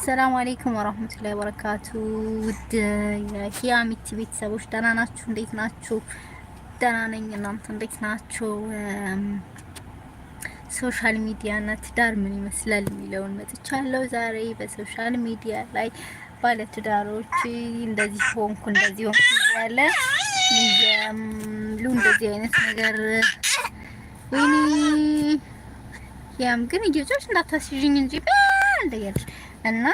አሰላሙ አሌይኩም ወራህመቱላሂ ወበረካቱ። ውድ የኪያሚቲ ቤተሰቦች ደህና ናችሁ? እንዴት ናችሁ? ደህና ነኝ። እናንተ እንዴት ናችሁ? ሶሻል ሚዲያ ትዳር ምን ይመስላል የሚለውን መጥቻለሁ ዛሬ። በሶሻል ሚዲያ ላይ ባለትዳሮች እንደዚህ ሆንኩ እንደዚህ ሆንኩ እያለ የሚሉ እንደዚህ አይነት ነገር ወይኔ ያም ግን እየጮች እንዳታስዥኝ እንጂ እንዴት እና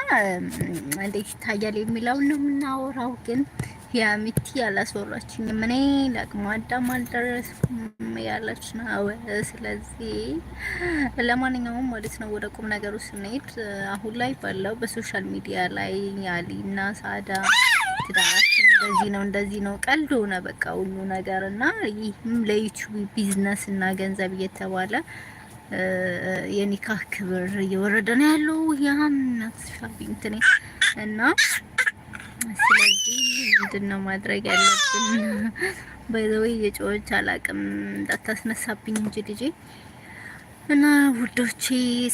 እንዴት ይታያል የሚለው ነው የምናወራው። ግን ያሚቲ ያላስወራችኝ እኔ ለአቅመ አዳም አልደረስኩም ያለች ነው። ስለዚህ ለማንኛውም ማለት ነው ወደ ቁም ነገሩ ስንሄድ አሁን ላይ ባለው በሶሻል ሚዲያ ላይ ያሊ እና ሳዳ ትዳራችን እንደዚህ ነው እንደዚህ ነው ቀልድ ሆነ በቃ ሁሉ ነገር እና ይህም ለዩቲዩብ ቢዝነስ እና ገንዘብ እየተባለ የኒካህ ክብር እየወረደ ነው ያለው። ያም ናስሻቢን ትኔ እና ስለዚህ ምንድነው ማድረግ ያለብን? ባይዘወይ የጮች አላቅም እንዳታስነሳብኝ እንጂ ልጄ እና ውዶቼ፣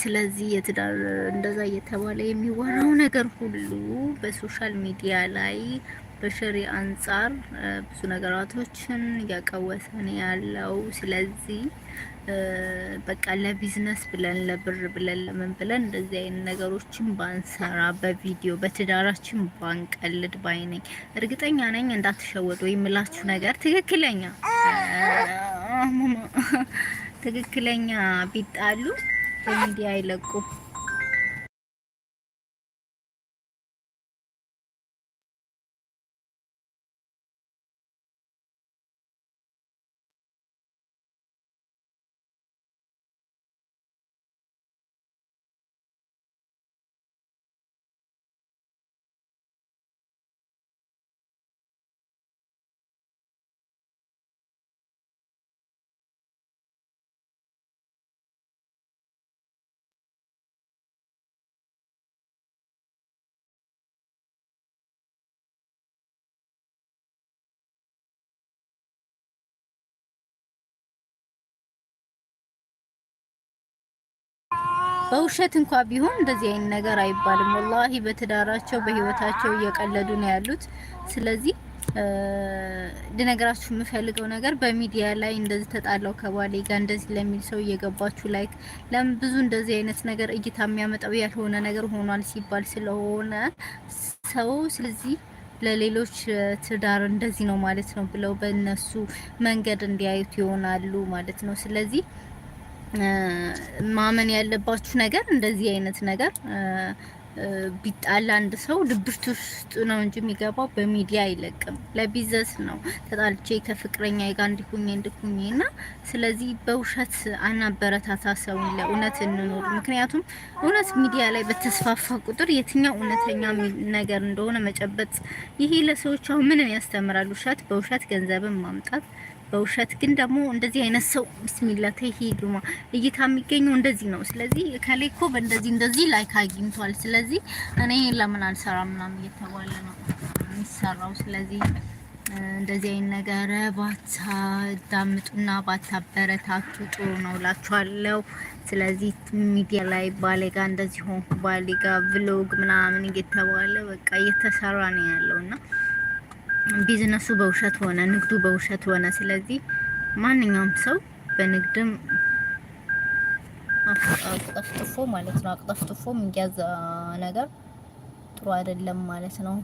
ስለዚህ የትዳር እንደዛ እየተባለ የሚወራው ነገር ሁሉ በሶሻል ሚዲያ ላይ በሸሪ አንጻር ብዙ ነገራቶችን እያቀወሰን ያለው። ስለዚህ በቃ ለቢዝነስ ብለን ለብር ብለን ለምን ብለን እንደዚህ አይነት ነገሮችን ባንሰራ በቪዲዮ በትዳራችን ባንቀልድ ባይነኝ እርግጠኛ ነኝ። እንዳትሸወጡ የምላችሁ ነገር ትክክለኛ ትክክለኛ ቢጣሉ በሚዲያ አይለቁም። በውሸት እንኳ ቢሆን እንደዚህ አይነት ነገር አይባልም። ወላሂ በትዳራቸው በህይወታቸው እየቀለዱ ነው ያሉት። ስለዚህ ልነግራችሁ የምፈልገው ነገር በሚዲያ ላይ እንደዚህ ተጣላው ከባሌ ጋር እንደዚህ ለሚል ሰው እየገባችሁ ላይክ ለምን ብዙ እንደዚህ አይነት ነገር እይታ የሚያመጣው ያልሆነ ነገር ሆኗል ሲባል ስለሆነ ሰው ስለዚህ ለሌሎች ትዳር እንደዚህ ነው ማለት ነው ብለው በእነሱ መንገድ እንዲያዩት ይሆናሉ ማለት ነው። ስለዚህ ማመን ያለባችሁ ነገር እንደዚህ አይነት ነገር ቢጣላ አንድ ሰው ልብት ውስጥ ነው እንጂ የሚገባው በሚዲያ አይለቅም። ለቢዝነስ ነው ተጣልቼ ከፍቅረኛ ጋር እንዲሁኝ እንዲሁኝ እና ስለዚህ በውሸት አናበረታታ ሰውን ለእውነት እንኖር። ምክንያቱም እውነት ሚዲያ ላይ በተስፋፋ ቁጥር የትኛው እውነተኛ ነገር እንደሆነ መጨበጥ ይሄ ለሰዎች አሁን ምንን ያስተምራል? ውሸት በውሸት ገንዘብን ማምጣት በውሸት ግን ደግሞ እንደዚህ አይነት ሰው ብስሚላ ተሂዱማ እይታ የሚገኘው እንደዚህ ነው። ስለዚህ ከሌኮ በእንደዚህ እንደዚህ ላይክ አግኝቷል። ስለዚህ እኔ ለምን አልሰራ ምናምን እየተባለ ነው የሚሰራው። ስለዚህ እንደዚህ አይነት ነገር ባታ ዳምጡና ባታዳምጡና ባታበረታቱ ጥሩ ነው ላችኋለሁ። ስለዚህ ሚዲያ ላይ ባሌጋ እንደዚህ ሆንኩ ባሌጋ ቭሎግ ምናምን እየተባለ በቃ እየተሰራ ነው ያለውና ቢዝነሱ በውሸት ሆነ፣ ንግዱ በውሸት ሆነ። ስለዚህ ማንኛውም ሰው በንግድም አቅጠፍጥፎ ማለት ነው አቅጠፍጥፎ የሚያዝ ነገር ጥሩ አይደለም ማለት ነው።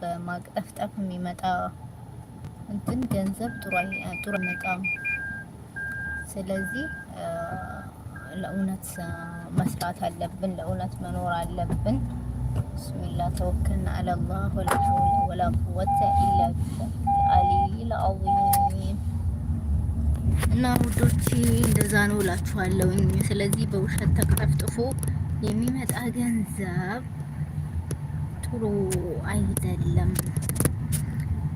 በማቅጠፍጠፍ የሚመጣ እንትን ገንዘብ ጥሩ ጥሩ አይመጣም። ስለዚህ ለእውነት መስራት አለብን፣ ለእውነት መኖር አለብን። ብስሚላ ተወከልና አለላህ ወላ ወላ ቁወተ ኢላ ቢላሂል አሊም። እና ውዶች እንደዛ ነው እላችኋለሁኝ። ስለዚህ በውሸት ተቀፍጥፎ የሚመጣ ገንዘብ ጥሩ አይደለም።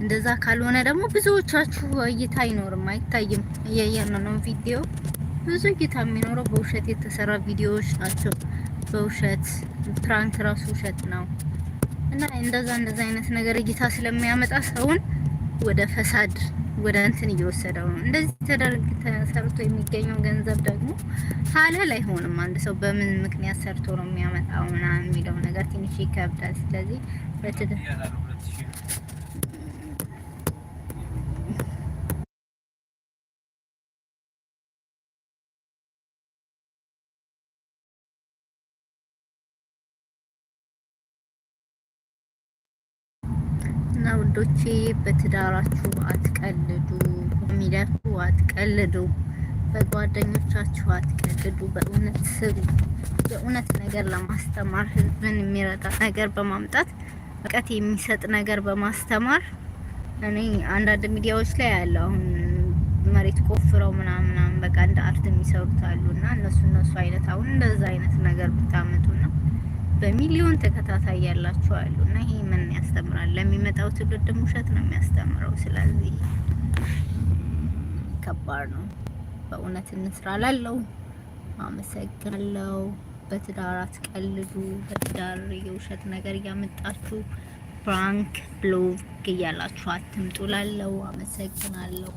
እንደዛ ካልሆነ ደግሞ ብዙዎቻችሁ እይታ አይኖርም፣ አይታይም። እያየን ነው ቪዲዮ ብዙ እይታ የሚኖረው በውሸት የተሰራ ቪዲዮዎች ናቸው። በውሸት ፕራንክ ራሱ ውሸት ነው እና እንደዛ እንደዛ አይነት ነገር እይታ ስለሚያመጣ ሰውን ወደ ፈሳድ ወደ እንትን እየወሰደው ነው። እንደዚህ ተደርግ ተሰርቶ የሚገኘው ገንዘብ ደግሞ ሀላል አይሆንም። አንድ ሰው በምን ምክንያት ሰርቶ ነው ምናምን የሚለው ነገር ትንሽ ይከብዳል። ስለዚህ እና ውዶቼ በትዳራችሁ አትቀልዱ፣ በሚዳችሁ አትቀልዱ፣ በጓደኞቻችሁ አትቀልዱ። በእውነት ስሩ። የእውነት ነገር ለማስተማር ህዝብን የሚረዳ ነገር በማምጣት እውቀት የሚሰጥ ነገር በማስተማር እኔ አንዳንድ ሚዲያዎች ላይ ያለው አሁን መሬት ቆፍረው ምናምናም በቃ እንደ አርት የሚሰሩት አሉ እና እነሱ እነሱ አይነት አሁን እንደዛ አይነት ነገር ብታመጡ ነው በሚሊዮን ተከታታይ ያላችሁ አሉ እና ይሄ ምን ያስተምራል? ለሚመጣው ትውልድም ውሸት ነው የሚያስተምረው። ስለዚህ ከባድ ነው። በእውነት እንስራ ላለው አመሰግናለሁ። በትዳር አትቀልዱ። በትዳር የውሸት ነገር እያመጣችሁ ብራንክ ብሎግ እያላችሁ አትምጡ። ላለው አመሰግናለሁ።